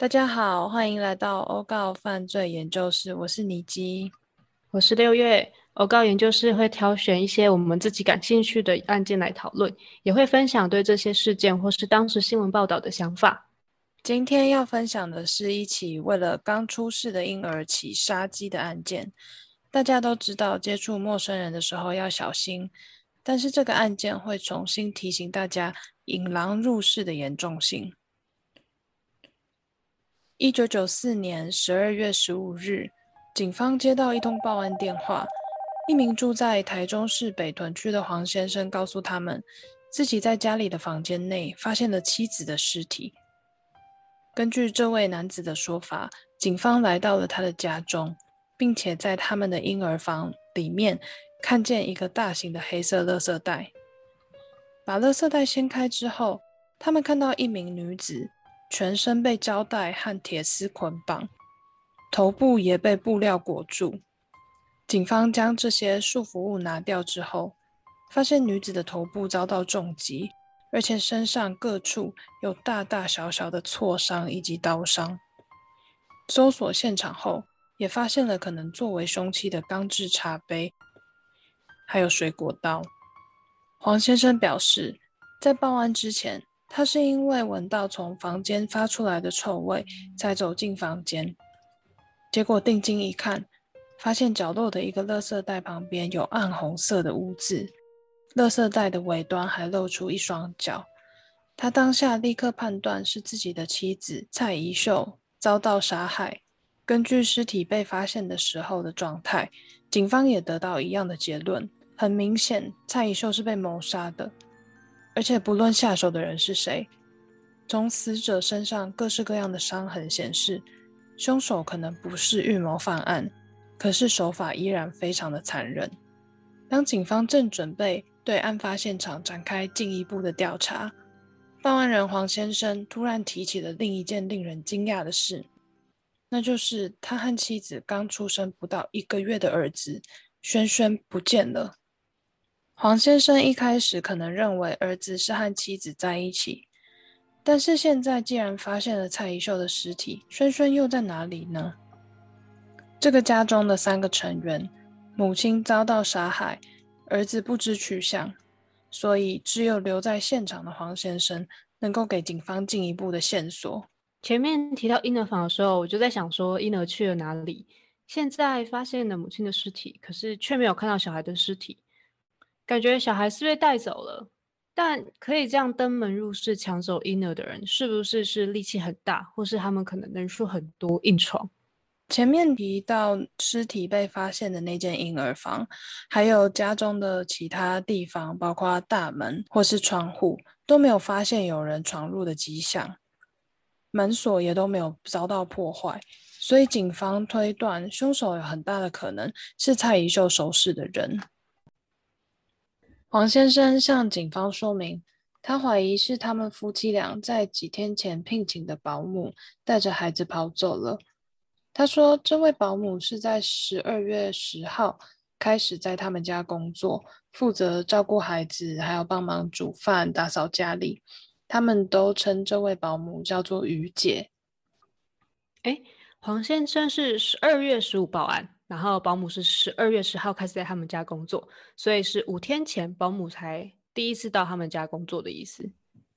大家好，歡迎來到歐告犯罪研究室。我是妮基，我是六月。歐告研究室會挑選一些我們自己感興趣的案件來討論，也會分享對這些事件或是當時新聞報道的想法。今天要分享的是一起為了剛出世的嬰兒起殺機的案件。大家都知道接觸陌生人的時候要小心，但是這個案件會重新提醒大家引狼入室的嚴重性。一九九四年十二月十五日，警方接到一通報案電話，一名住在台中市北屯區的黃先生告訴他們，自己在家裡的房間內發現了妻子的屍體。根據這位男子的說法，警方來到了他的家中，並且在他們的嬰兒房裡面看見一個大型的黑色垃圾袋。把垃圾袋掀開之後，他們看到一名女子。全身被膠帶和鐵絲捆綁，頭部也被布料裹住。警方將這些束縛物拿掉之後，發現女子的頭部遭到重擊，而且身上各處有大大小小的挫傷以及刀傷。搜索現場後，也發現了可能作為兇器的鋼製茶杯，還有水果刀。黃先生表示，在報案之前，他是因為聞到從房間發出來的臭味，才走進房間，結果定睛一看，發現角落的一個垃圾袋旁邊有暗紅色的污漬，垃圾袋的尾端還露出一雙腳。他當下立刻判斷是自己的妻子蔡宜秀遭到殺害。根據屍體被發現的時候的狀態，警方也得到一樣的結論，很明顯，蔡宜秀是被謀殺的。而且不論下手的人是誰，從死者身上各式各樣的傷痕顯示，兇手可能不是預謀犯案，可是手法依然非常的殘忍。當警方正準備對案發現場展開進一步的調查，報案人黃先生突然提起了另一件令人驚訝的事，那就是他和妻子剛出生不到一個月的兒子軒軒不見了。黃先生一開始可能認為兒子是和妻子在一起，但是現在既然發現了蔡宜秀的屍體，軒軒又在哪裡呢？這個家中的三個成員，母親遭到殺害，兒子不知去向，所以只有留在現場的黃先生能夠給警方進一步的線索。前面提到嬰兒房的時候，我就在想說嬰兒去了哪裡？現在發現了母親的屍體，可是卻沒有看到小孩的屍體。感覺小孩是被帶走了，但可以這樣登門入室搶走嬰兒的人，是不是是力氣很大，或是他們可能人數很多硬闖？前面提到屍體被發現的那間嬰兒房，還有家中的其他地方，包括大門或是窗戶，都沒有發現有人闖入的跡象，門鎖也都沒有遭到破壞，所以警方推斷，凶手有很大的可能是蔡宜秀熟識的人。黃先生向警方說明，他懷疑是他們夫妻倆在幾天前聘請的保姆帶着孩子跑走了。他說，這位保姆是在十二月十號開始在他們家工作，負責照顧孩子，還要幫忙煮飯、打掃家裡。他們都稱這位保姆叫做余姐。哎，黃先生是十二月十五報案。然後保姆是十二月十號開始在他們家工作，所以是五天前保姆才第一次到他們家工作的意思。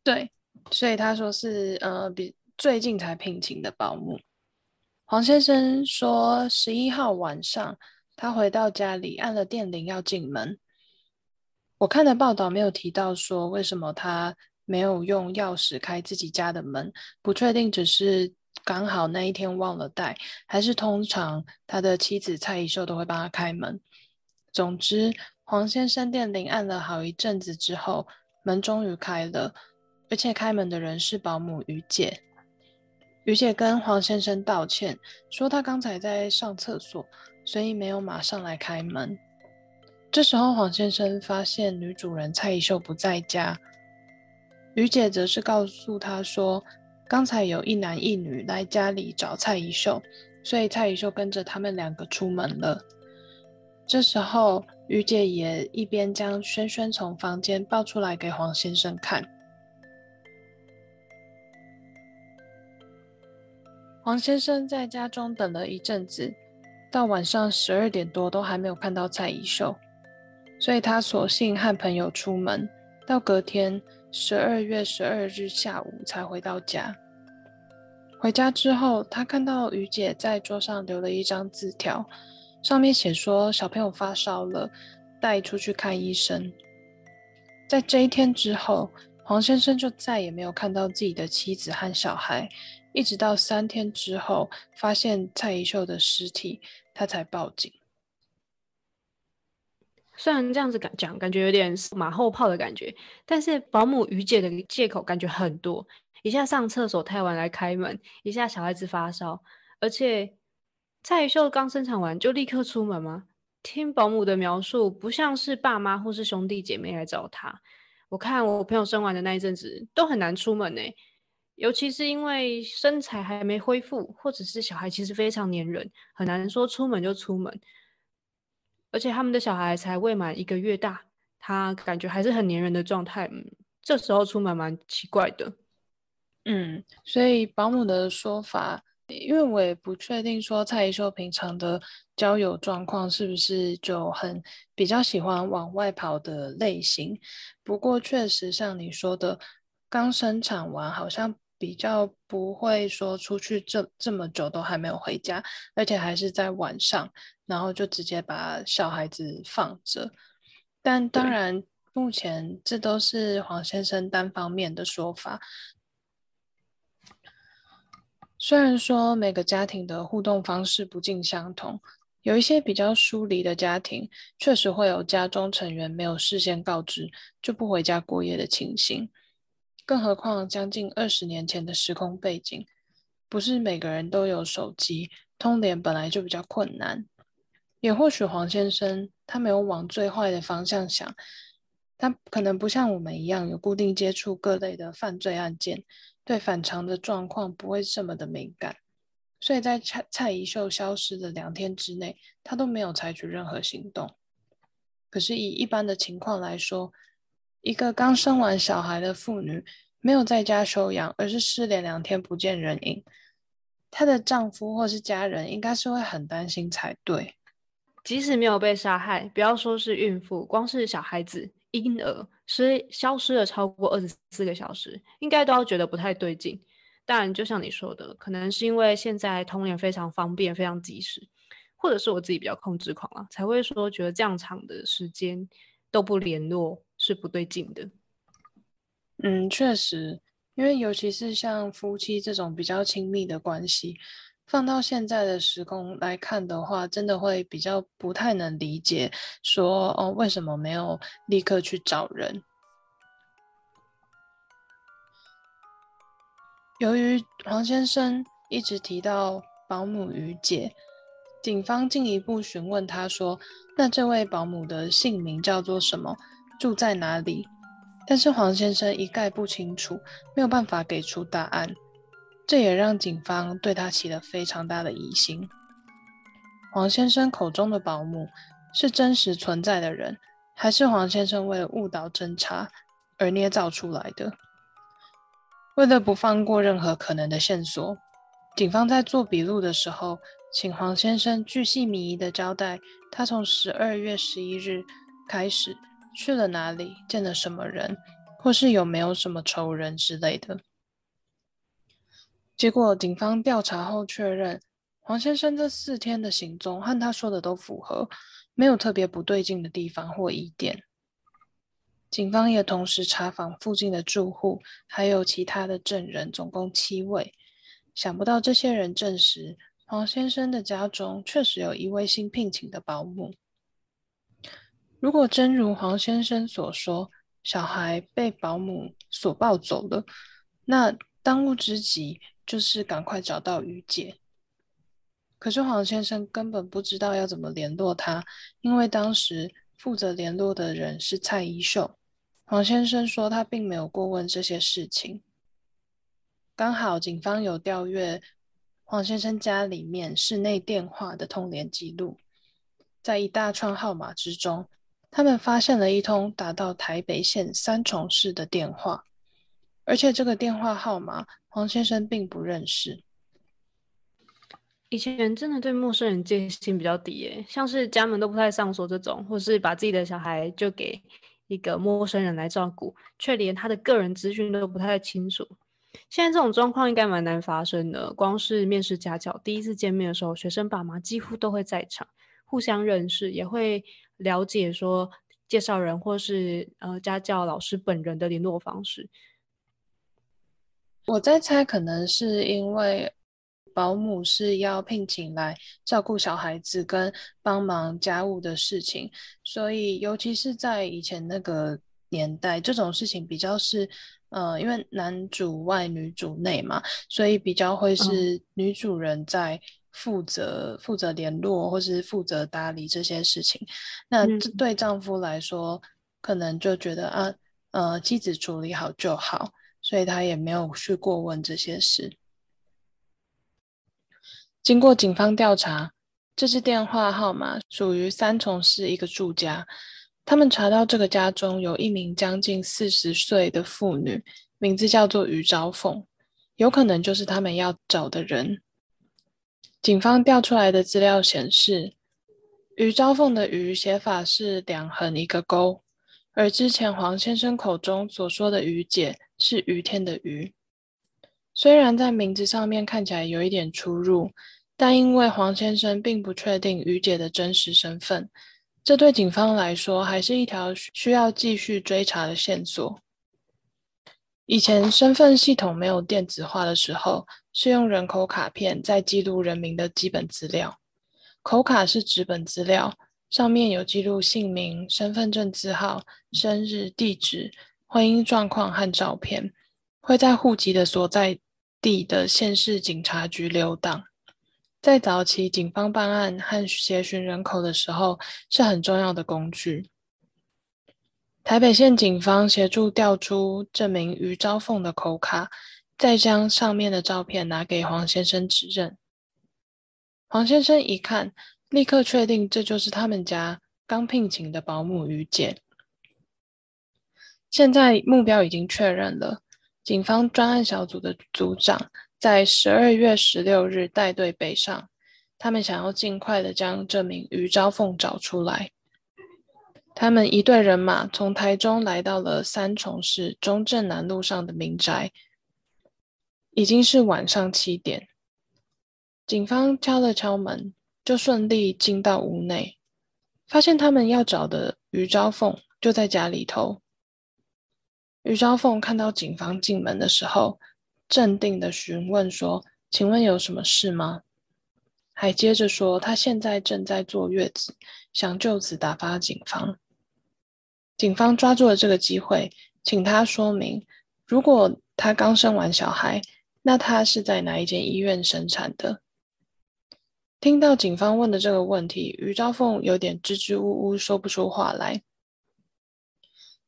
對，所以他說是呃，比最近才聘請的保姆。黃先生說，十一號晚上他回到家裡按了電鈴要進門，我看的報道沒有提到說為什麼他沒有用鑰匙開自己家的門，不確定只是。剛好那一天忘了帶，還是通常他的妻子蔡宜秀都會幫他開門。總之，黃先生電鈴按了好一陣子之後，門終於開了，而且開門的人是保姆余姐。余姐跟黃先生道歉，說她剛才在上廁所，所以沒有馬上來開門。這時候，黃先生發現女主人蔡宜秀不在家，余姐則是告訴他說，剛才有一男一女來家裡找蔡宜秀，所以蔡宜秀跟着他們兩個出門了。這時候，余姐也一邊將萱萱從房間抱出來給黃先生看。黃先生在家中等了一陣子，到晚上十二點多都還沒有看到蔡宜秀，所以他索性和朋友出門，到隔天。十二月十二日下午才回到家。回家之後，他看到余姐在桌上留了一張字條，上面寫說小朋友發燒了，帶出去看醫生。在這一天之後，黃先生就再也沒有看到自己的妻子和小孩，一直到三天之後，發現蔡宜秀的屍體，他才報警。雖然這樣子講，感覺有點馬後炮的感覺，但是保姆余姐的借口感覺很多，一下上廁所太晚來開門，一下小孩子發燒，而且蔡宜秀剛生產完就立刻出門嗎？聽保姆的描述，不像是爸媽或是兄弟姐妹來找她。我看我朋友生完的那一陣子都很難出門哎、欸，尤其是因為身材還沒恢復，或者是小孩其實非常粘人，很難說出門就出門。而且他們的小孩才未滿一個月大，他感覺還是很粘人的狀態。嗯，這時候出門蠻、蠻奇怪的。嗯，所以保姆的說法，因為我也不確定說蔡宜秀平常的交友狀況是不是就很比較喜歡往外跑的類型。不過確實像你說的，剛生產完好像比較不會說出去這這麼久都還沒有回家，而且還是在晚上。然後就直接把小孩子放着，但當然，目前這都是黃先生單方面的說法。雖然說每個家庭的互動方式不盡相同，有一些比較疏離的家庭，確實會有家中成員沒有事先告知就不回家過夜的情形。更何況，將近二十年前的時空背景，不是每個人都有手機，通聯本來就比較困難。也或許黃先生他沒有往最壞的方向想，他可能不像我們一樣有固定接觸各類的犯罪案件，對反常的狀況不會這麼的敏感，所以在蔡蔡宜秀消失的兩天之內，他都沒有採取任何行動。可是以一般的情況來說，一個剛生完小孩的婦女沒有在家休養，而是失聯兩天不見人影，她的丈夫或是家人應該是會很擔心才對。即使沒有被殺害，不要說是孕婦，光是小孩子、嬰兒，失消失了超過二十四個小時，應該都要覺得不太對勁。當然，就像你說的，可能是因為現在通聯非常方便、非常及時，或者是我自己比較控制狂了啊，才會說覺得這樣長的時間都不聯絡是不對勁的。嗯，確實，因為尤其是像夫妻這種比較親密的關係。放到現在的時空來看的話，真的會比較不太能理解說，說哦，為什麼沒有立刻去找人？由於黃先生一直提到保姆余姐，警方進一步詢問他說：“那這位保姆的姓名叫做什麼？住在哪裡？”但是黃先生一概不清楚，沒有辦法給出答案。這也讓警方對他起了非常大的疑心。黃先生口中的保姆是真實存在的人，還是黃先生為了誤導偵查而捏造出來的？為了不放過任何可能的線索，警方在做筆錄的時候，請黃先生巨細靡遺的交代，他從十二月十一日開始去了哪裡，見了什麼人，或是有沒有什麼仇人之類的。結果，警方調查後確認，黃先生這四天的行蹤和他說的都符合，沒有特別不對勁的地方或疑點。警方也同時查訪附近的住戶，還有其他的證人，總共七位。想不到，這些人證實黃先生的家中確實有一位新聘請的保姆。如果真如黃先生所說，小孩被保姆所抱走了，那……當務之急就是趕快找到余姐，可是黃先生根本不知道要怎麼聯絡她，因為當時負責聯絡的人是蔡宜秀。黃先生說他並沒有過問這些事情。剛好警方有調閱黃先生家裡面室內電話的通聯記錄，在一大串號碼之中，他們發現了一通打到台北縣三重市的電話。而且這個電話號碼，黃先生並不認識。以前人真的對陌生人戒心比較低耶，像是家門都不太上鎖這種，或是把自己的小孩就給一個陌生人來照顧，卻連他的個人資訊都不太清楚。現在這種狀況應該蠻難發生的。光是面試家教，第一次見面的時候，學生爸媽幾乎都會在場，互相認識，也會了解說介紹人或是呃家教老師本人的聯絡方式。我在猜，可能是因為保姆是要聘請來照顧小孩子跟幫忙家務的事情，所以尤其是在以前那個年代，這種事情比較是，呃，因為男主外女主內嘛，所以比較會是女主人在負責、哦、負責聯絡或是負責打理這些事情。那這對丈夫來說、嗯，可能就覺得啊，呃，妻子處理好就好。所以他也沒有去過問這些事。經過警方調查，這支電話號碼屬於三重市一個住家。他們查到這個家中有一名將近四十歲的婦女，名字叫做於朝鳳，有可能就是他們要找的人。警方調出來的資料顯示，於朝鳳的“於”寫法是兩橫一個勾。而之前黃先生口中所說的“餘姐”是余天的余，雖然在名字上面看起來有一點出入，但因為黃先生並不確定余姐的真實身份，這對警方來說還是一條需要繼續追查的線索。以前身份系統沒有電子化的時候，是用人口卡片在記錄人民的基本資料，口卡是紙本資料。上面有記錄姓名、身份證字號、生日、地址、婚姻狀況和照片，會在戶籍的所在地的縣市警察局留檔。在早期警方辦案和協尋人口的時候，是很重要的工具。台北縣警方協助調出證明余招鳳的口卡，再將上面的照片拿給黃先生指認。黃先生一看。立刻確定，這就是他們家剛聘請的保姆余姐。現在目標已經確認了，警方專案小組的組長在十二月十六日帶隊北上，他們想要盡快的將這名余朝鳳找出來。他們一隊人馬從台中來到了三重市中正南路上的民宅，已經是晚上七點，警方敲了敲門。就順利進到屋內，發現他們要找的余朝鳳就在家裡頭。余朝鳳看到警方進門的時候，鎮定的詢問說：“請問有什麼事嗎？”還接着說：“她現在正在坐月子，想就此打發警方。”警方抓住了這個機會，請他說明：如果他剛生完小孩，那他是在哪一間醫院生產的？聽到警方問的這個問題，余招鳳有點支支吾吾，說不出話來。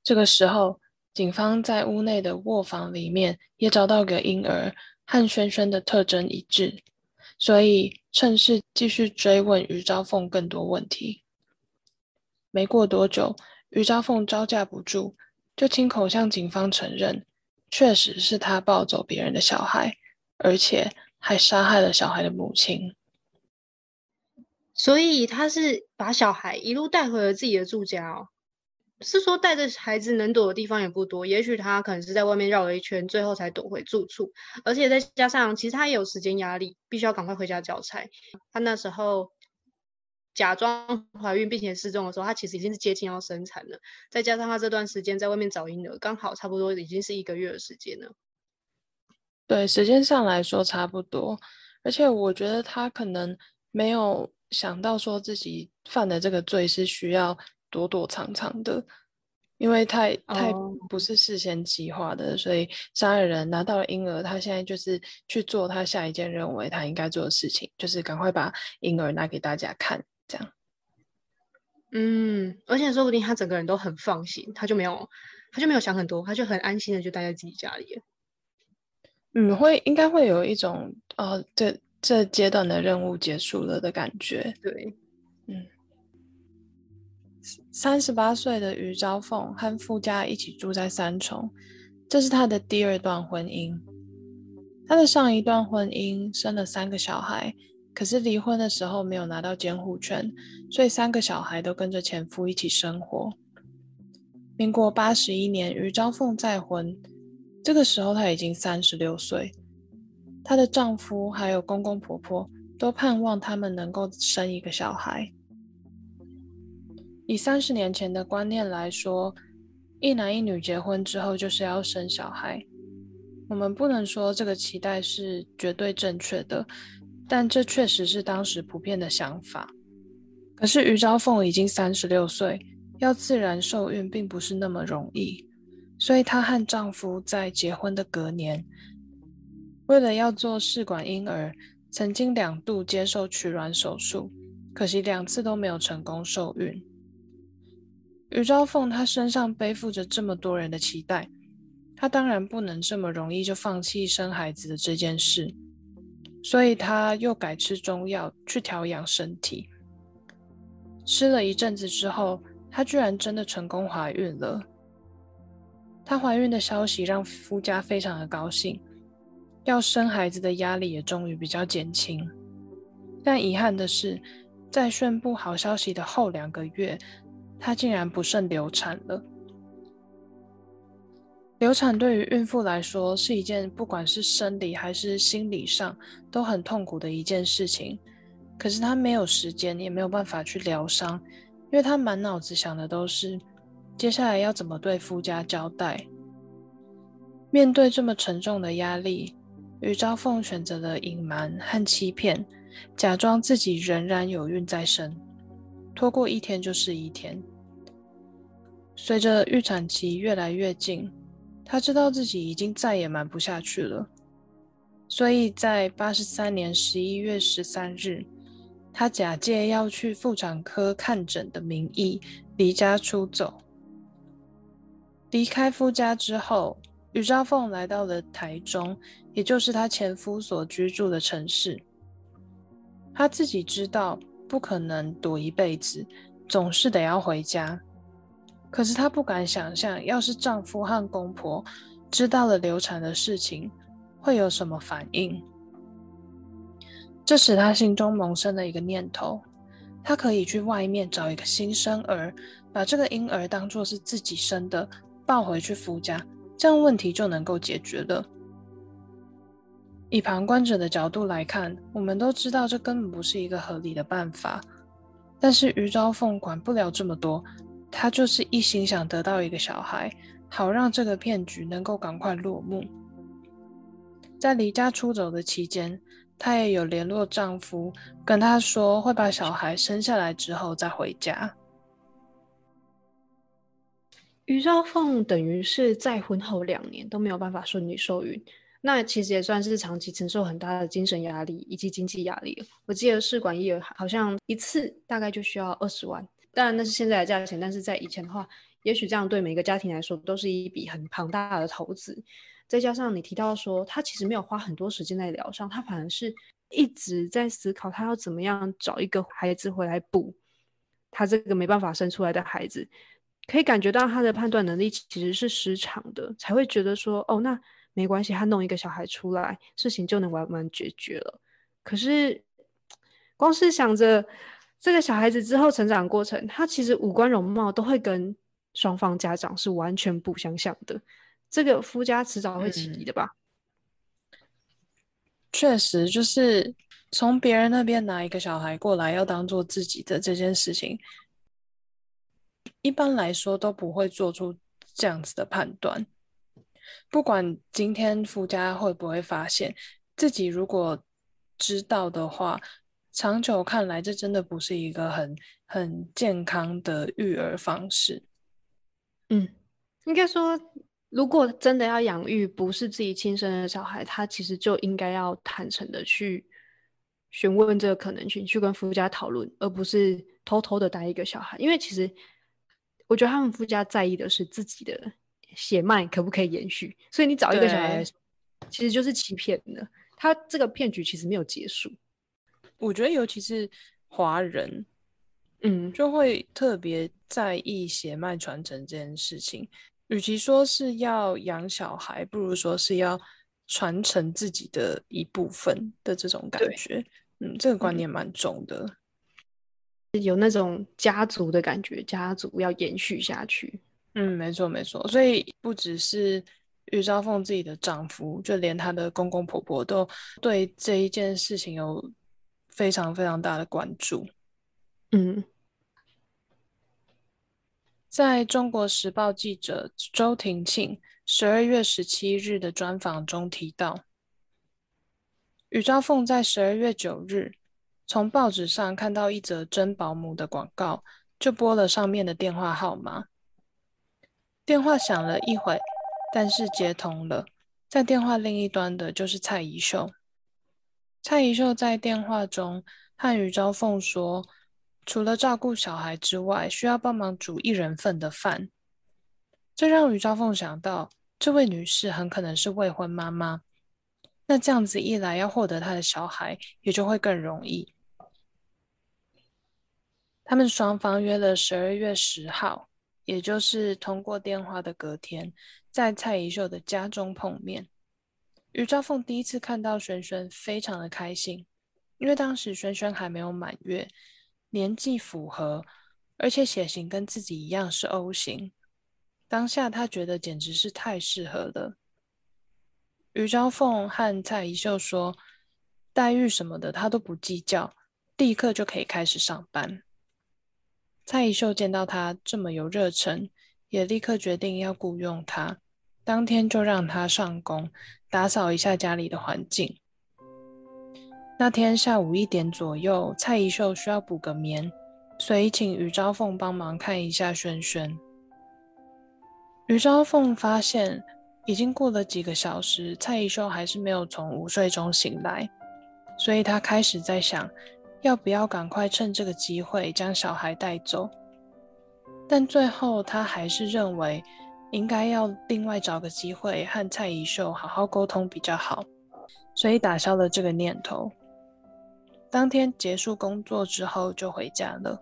這個時候，警方在屋內的臥房裡面也找到個嬰兒，和軒軒的特徵一致，所以趁勢繼續追問余招鳳更多問題。沒過多久，余招鳳招架不住，就親口向警方承認，確實是他抱走別人的小孩，而且還殺害了小孩的母親。所以他是把小孩一路帶回了自己的住家哦，是說，帶着孩子能躲的地方也不多，也許他可能是在外面繞了一圈，最後才躲回住處。而且再加上，其實他也有時間壓力，必須要趕快回家交差。他那時候假裝懷孕並且失蹤的時候，他其實已經是接近要生產了。再加上他這段時間在外面找嬰兒，剛好差不多已經是一個月的時間了。對，時間上來說差不多。而且我覺得他可能沒有。想到說自己犯的這個罪是需要躲躲藏藏的，因為太太不是事先計劃的，oh. 所以殺人拿到了嬰兒，他現在就是去做他下一件認為他應該做的事情，就是趕快把嬰兒拿給大家看，這樣。嗯，而且說不定他整個人都很放心，他就沒有，他就沒有想很多，他就很安心的就待在自己家裡。嗯，會應該會有一種，呃、哦、對。這階段的任務結束了的感覺。對，嗯，三十八歲的余朝鳳和傅家一起住在三重，這是她的第二段婚姻。她的上一段婚姻生了三個小孩，可是離婚的時候沒有拿到監護權，所以三個小孩都跟着前夫一起生活。民國八十一年，余朝鳳再婚，這個時候她已經三十六歲。她的丈夫還有公公婆婆都盼望他們能夠生一個小孩。以三十年前的觀念來說，一男一女結婚之後就是要生小孩。我們不能說這個期待是絕對正確的，但這確實是當時普遍的想法。可是余昭鳳已經三十六歲，要自然受孕並不是那麼容易，所以她和丈夫在結婚的隔年，為了要做試管嬰兒，曾經兩度接受取卵手術，可惜兩次都沒有成功受孕。余兆鳳她身上背負着這麼多人的期待，她當然不能這麼容易就放棄生孩子的這件事，所以她又改吃中藥去調養身體。吃了一陣子之後，她居然真的成功懷孕了。她懷孕的消息讓夫家非常的高興。要生孩子的壓力也終於比較減輕，但遺憾的是，在宣布好消息的後兩個月，她竟然不慎流產了。流產對於孕婦來說是一件不管是生理還是心理上都很痛苦的一件事情。可是她沒有時間，也沒有辦法去療傷，因為她滿腦子想的都是接下來要怎麼對夫家交代。面對這麼沉重的壓力。余昭鳳選擇了隱瞞和欺騙，假裝自己仍然有孕在身，拖過一天就是一天。隨着預產期越來越近，她知道自己已經再也瞞不下去了，所以在八十三年十一月十三日，她假借要去婦產科看診的名義，離家出走。離開夫家之後，余昭鳳來到了台中。也就是她前夫所居住的城市，她自己知道不可能躲一輩子，總是得要回家。可是她不敢想象，要是丈夫和公婆知道了流產的事情，會有什麼反應。這使她心中萌生了一個念頭：她可以去外面找一個新生兒，把這個嬰兒當做是自己生的，抱回去夫家，這樣問題就能夠解決了。以旁觀者的角度來看，我們都知道這根本不是一個合理的辦法。但是余朝鳳管不了這麼多，她就是一心想得到一個小孩，好讓這個騙局能夠趕快落幕。在離家出走的期間，她也有聯絡丈夫，跟他說會把小孩生下來之後再回家。余朝鳳等於是在婚後兩年都沒有辦法順利受孕。那其實也算是長期承受很大的精神壓力以及經濟壓力。我記得試管嬰兒好像一次大概就需要二十萬，當然那是現在的價錢，但是在以前的話，也許這樣對每個家庭來說都是一筆很龐大的投資。再加上你提到說，他其實沒有花很多時間在療傷，他反而是一直在思考他要怎麼樣找一個孩子回來補他這個沒辦法生出來的孩子。可以感覺到他的判斷能力其實是失常的，才會覺得說，哦，那。沒關係，他弄一個小孩出來，事情就能完完解決了。可是，光是想着這個小孩子之後成長過程，他其實五官容貌都會跟雙方家長是完全不相像的。這個夫家遲早會起疑的吧？確、嗯、實，就是從別人那邊拿一個小孩過來，要當做自己的這件事情，一般來說都不會做出這樣子的判斷。不管今天夫家會不會發現自己，如果知道的話，長久看來，這真的不是一個很很健康的育兒方式。嗯，應該說，如果真的要養育不是自己親生的小孩，他其實就應該要坦誠的去詢問這個可能性，去跟夫家討論，而不是偷偷的帶一個小孩。因為其實，我覺得他們夫家在意的是自己的。血脈可不可以延續？所以你找一個小孩，其實就是欺騙的。他這個騙局其實沒有結束。我覺得尤其是華人，嗯，就會特別在意血脈傳承這件事情。與其說是要養小孩，不如說是要傳承自己的一部分的這種感覺。嗯，這個觀念蠻重的，嗯，有那種家族的感覺，家族要延續下去。嗯，沒錯沒錯，所以不只是余昭鳳自己的丈夫，就連她的公公婆婆都對這一件事情有非常非常大的關注。嗯，在中國時報記者周庭慶十二月十七日的專訪中提到，余昭鳳在十二月九日從報紙上看到一則徵保姆的廣告，就撥了上面的電話號碼。電話響了一會，但是接通了，在電話另一端的就是蔡宜秀。蔡宜秀在電話中和余朝鳳說，除了照顧小孩之外，需要幫忙煮一人份的飯。這讓余朝鳳想到，這位女士很可能是未婚媽媽。那這樣子一來，要獲得她的小孩也就會更容易。他們雙方約了十二月十號。也就是通過電話的隔天，在蔡宜秀的家中碰面，余兆鳳第一次看到萱萱，非常的開心，因為當時萱萱還沒有滿月，年紀符合，而且血型跟自己一樣是 O 型，當下她覺得簡直是太適合了。余兆鳳和蔡宜秀說，待遇什麼的她都不計較，立刻就可以開始上班。蔡宜秀見到他這麼有熱忱，也立刻決定要雇傭他，當天就讓他上工，打掃一下家裡的環境。那天下午一點左右，蔡宜秀需要補個眠，所以請余昭鳳幫忙看一下軒軒。余昭鳳發現已經過了幾個小時，蔡宜秀還是沒有從午睡中醒來，所以他開始在想。要不要趕快趁這個機會將小孩帶走？但最後他還是認為應該要另外找個機會和蔡宜秀好好溝通比較好，所以打消了這個念頭。當天結束工作之後就回家了。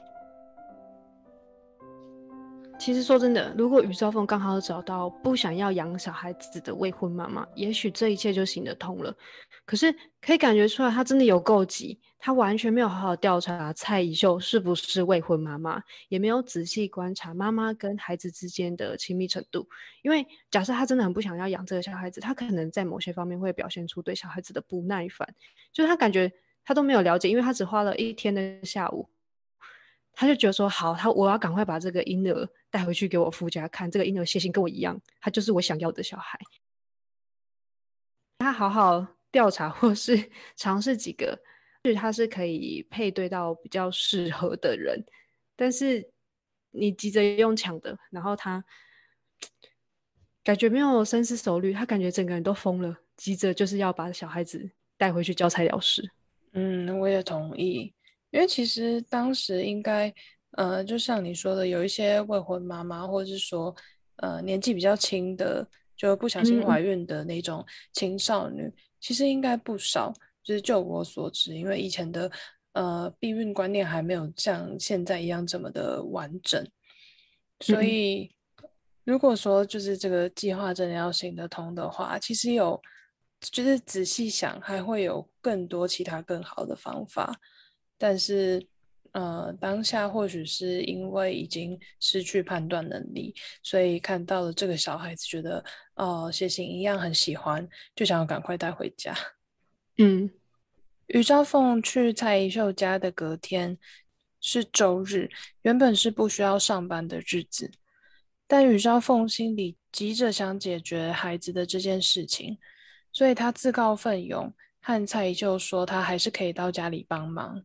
其實說真的，如果宇兆峰剛好找到不想要養小孩子的未婚媽媽，也許這一切就行得通了。可是可以感覺出來，他真的有夠急。他完全沒有好好調查蔡宜秀是不是未婚媽媽，也沒有仔細觀察媽媽跟孩子之間的親密程度。因為假設他真的很不想要養這個小孩子，他可能在某些方面會表現出對小孩子的不耐煩。就是他感覺他都沒有了解，因為他只花了一天的下午，他就覺得說好，他我要趕快把這個嬰兒帶回去給我夫家看。這個嬰兒血型跟我一樣，他就是我想要的小孩。他好好調查或是嘗試幾個。是，他是可以配對到比較適合的人，但是你急着用搶的，然後他感覺沒有深思熟慮，他感覺整個人都瘋了，急着就是要把小孩子帶回去交差了事。嗯，我也同意，因為其實當時應該，呃，就像你說的，有一些未婚媽媽，或者是說，呃，年紀比較輕的，就不小心懷孕的那種青少女，嗯，其實應該不少。就是就我所知，因為以前的呃避孕觀念還沒有像現在一樣這麼的完整，所以如果說就是這個計劃真的要行得通的話，其實有就是仔細想，還會有更多其他更好的方法。但是呃，當下或許是因為已經失去判斷能力，所以看到了這個小孩子，覺得哦、呃，血型一樣，很喜歡，就想要趕快帶回家。嗯，余兆鳳去蔡宜秀家的隔天是周日，原本是不需要上班的日子，但余兆鳳心裡急着想解決孩子的這件事情，所以他自告奮勇，和蔡宜秀說他還是可以到家裡幫忙。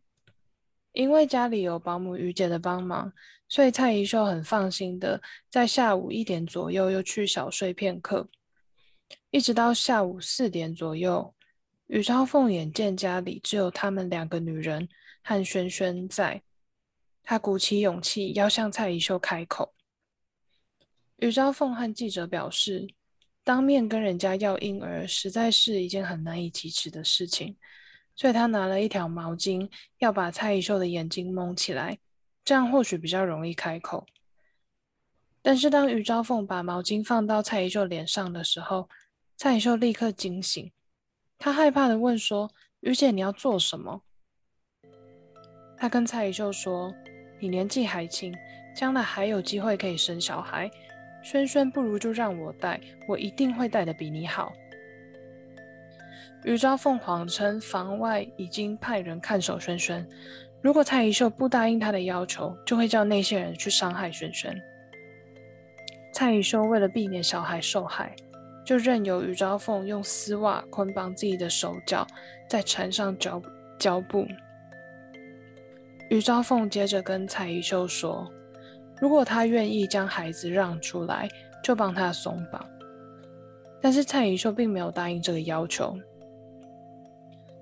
因為家裡有保姆余姐的幫忙，所以蔡宜秀很放心的在下午一點左右又去小睡片刻，一直到下午四點左右。余朝鳳眼見家裡只有他們兩個女人和軒軒在，她鼓起勇氣要向蔡宜秀開口。余朝鳳和記者表示，當面跟人家要嬰兒，實在是一件很難以啟齒的事情，所以她拿了一條毛巾要把蔡宜秀的眼睛蒙起來，這樣或許比較容易開口。但是當余朝鳳把毛巾放到蔡宜秀臉上的時候，蔡宜秀立刻驚醒。他害怕地問說：“余姐，你要做什麼？”他跟蔡宜秀說：“你年紀還輕，將來還有機會可以生小孩。萱萱不如就讓我帶，我一定會帶得比你好。”余朝鳳謊稱房外已經派人看守萱萱，如果蔡宜秀不答應他的要求，就會叫那些人去傷害萱萱。蔡宜秀為了避免小孩受害。就任由余昭鳳用絲襪捆綁自己的手腳，再纏上膠膠布。余昭鳳接着跟蔡宜秀說：“如果她願意將孩子讓出來，就幫她鬆綁。”但是蔡宜秀並沒有答應這個要求。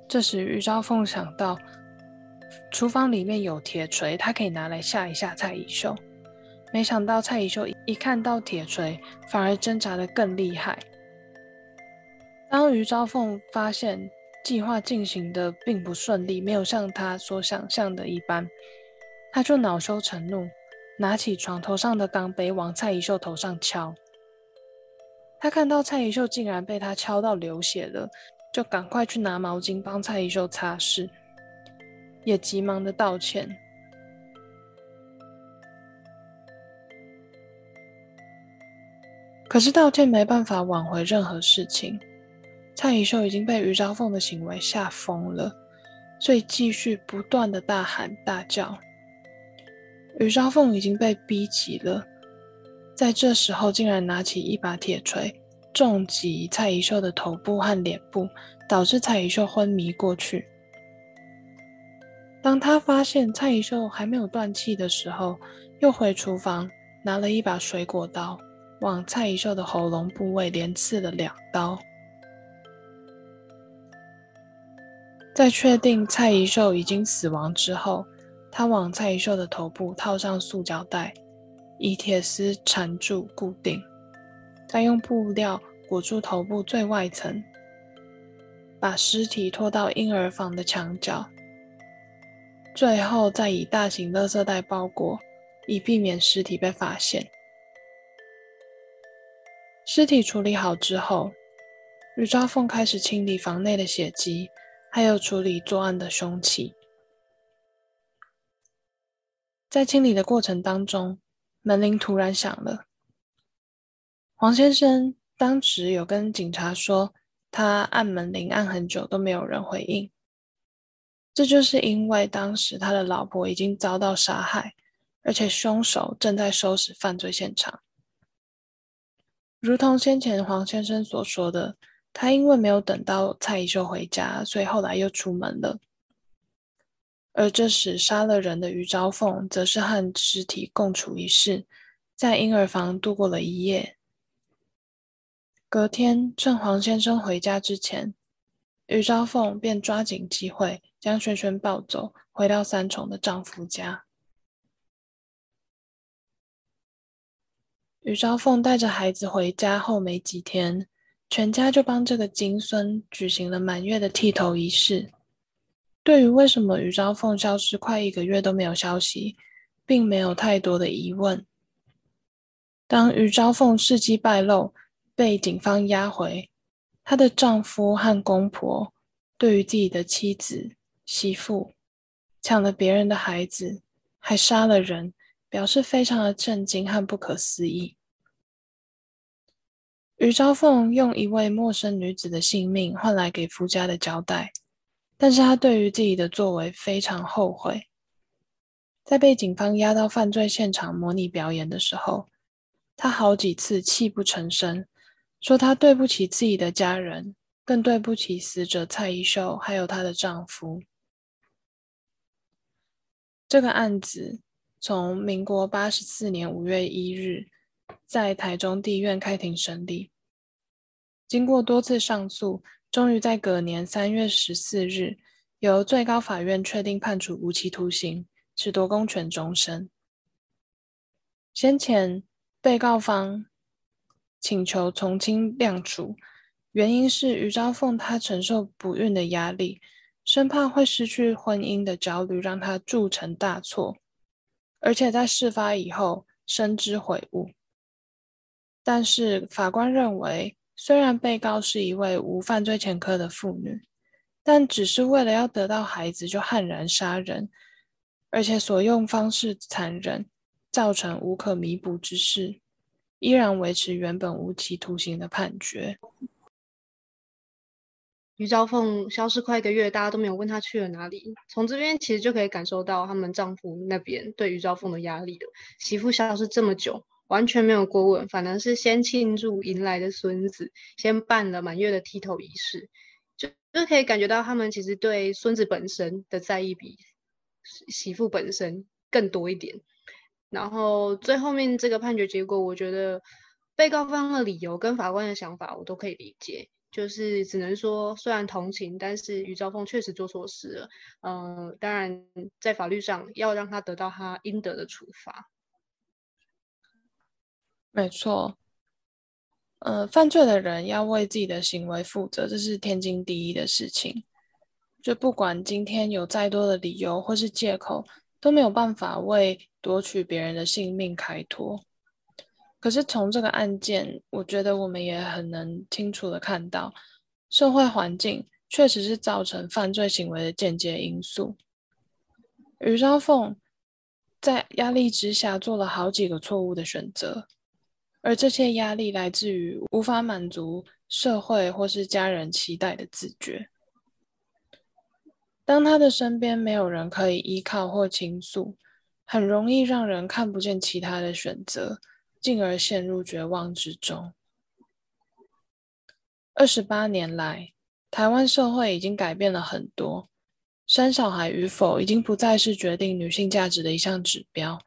這時余昭鳳想到廚房裡面有鐵錘，她可以拿來嚇一嚇蔡宜秀。沒想到蔡宜秀一看到鐵錘，反而掙扎得更厲害。當余招鳳發現計劃進行的並不順利，沒有像他所想象的一般，他就惱羞成怒，拿起床頭上的鋼杯往蔡宜秀頭上敲。他看到蔡宜秀竟然被他敲到流血了，就趕快去拿毛巾幫蔡宜秀擦拭，也急忙的道歉。可是道歉沒辦法挽回任何事情。蔡宜秀已經被余昭鳳的行為嚇瘋了，所以繼續不斷地大喊大叫。余昭鳳已經被逼急了，在這時候竟然拿起一把鐵錘，重擊蔡宜秀的頭部和臉部，導致蔡宜秀昏迷過去。當她發現蔡宜秀還沒有斷氣的時候，又回廚房拿了一把水果刀，往蔡宜秀的喉嚨部位連刺了兩刀。在確定蔡宜秀已經死亡之後，他往蔡宜秀的頭部套上塑膠袋，以鐵絲纏住固定，再用布料裹住頭部最外層，把屍體拖到嬰兒房的牆角，最後再以大型垃圾袋包裹，以避免屍體被發現。屍體處理好之後，余昭鳳開始清理房內的血跡。還有處理作案的兇器，在清理的過程當中，門鈴突然響了。黃先生當時有跟警察說，他按門鈴按很久都沒有人回應，這就是因為當時他的老婆已經遭到殺害，而且凶手正在收拾犯罪現場。如同先前黃先生所說的。他因為沒有等到蔡宜秀回家，所以後來又出門了。而這時殺了人的余朝鳳，則是和屍體共處一室，在嬰兒房度過了一夜。隔天趁黃先生回家之前，余朝鳳便抓緊機會將萱萱抱走，回到三重的丈夫家。余朝鳳帶着孩子回家後沒幾天。全家就幫這個金孫舉行了滿月的剃頭儀式。對於為什麼余朝鳳消失快一個月都沒有消息，並沒有太多的疑問。當余朝鳳事跡敗露，被警方押回，她的丈夫和公婆對於自己的妻子媳婦搶了別人的孩子，還殺了人，表示非常的震驚和不可思議。余朝鳳用一位陌生女子的性命換來給夫家的交代，但是她對於自己的作為非常後悔。在被警方押到犯罪現場模擬表演的時候，她好幾次泣不成聲，說她對不起自己的家人，更對不起死者蔡宜秀還有她的丈夫。這個案子從民國八十四年五月一日在台中地院開庭審理，經過多次上訴，終於在隔年三月十四日，由最高法院確定判處無期徒刑，褫奪公權終身。先前被告方請求從輕量處，原因是余朝鳳她承受不孕的壓力，生怕會失去婚姻的焦慮，讓她鑄成大錯，而且在事發以後深知悔悟。但是法官認為，雖然被告是一位無犯罪前科的婦女，但只是為了要得到孩子就悍然殺人，而且所用方式殘忍，造成無可彌補之事，依然維持原本無期徒刑的判決。余兆鳳消失快一個月，大家都沒有問她去了哪裡。從這邊其實就可以感受到他們丈夫那邊對於兆鳳的壓力了。媳婦消失這麼久。完全沒有過問，反而是先慶祝迎來的孫子，先辦了滿月的剃頭儀式，就就可以感覺到他們其實對孫子本身的在意比媳婦本身更多一點。然後最後面這個判決結果，我覺得被告方的理由跟法官的想法我都可以理解，就是只能說雖然同情，但是余兆峰確實做錯事了，嗯、呃，當然在法律上要讓他得到他應得的處罰。沒錯，呃，犯罪的人要為自己的行為負責，這是天經地義的事情，就不管今天有再多的理由或是借口，都沒有辦法為奪取別人的性命開脫。可是從這個案件，我覺得我們也很能清楚的看到，社會環境確實是造成犯罪行為的間接因素。余少鳳在壓力之下，做了好幾個錯誤的選擇。而這些壓力來自於無法滿足社會或是家人期待的自覺。當他的身邊沒有人可以依靠或傾訴，很容易讓人看不見其他的選擇，進而陷入絕望之中。二十八年來，台灣社會已經改變了很多，生小孩與否已經不再是決定女性價值的一項指標。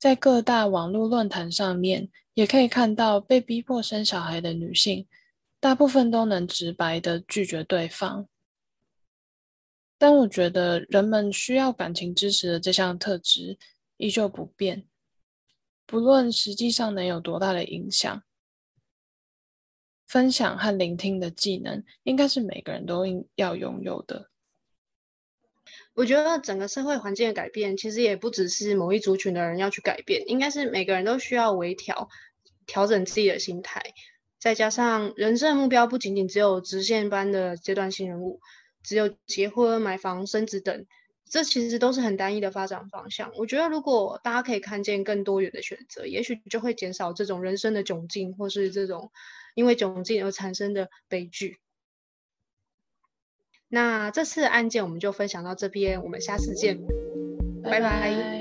在各大網絡論壇上面，也可以看到被逼迫生小孩的女性，大部分都能直白的拒絕對方。但我覺得，人們需要感情支持的這項特質依舊不變，不論實際上能有多大的影響，分享和聆聽的技能，應該是每個人都應要擁有的。我覺得整個社會環境的改變，其實也不只是某一族群的人要去改變，應該是每個人都需要微調、調整自己的心態，再加上人生目標不僅僅只有直線般的階段性任務，只有結婚、買房、升職等，這其實都是很單一的發展方向。我覺得如果大家可以看見更多元的選擇，也許就會減少這種人生的窘境，或是這種因為窘境而產生的悲劇。那這次的案件我們就分享到這邊，我們下次見，嗯，拜拜。拜拜。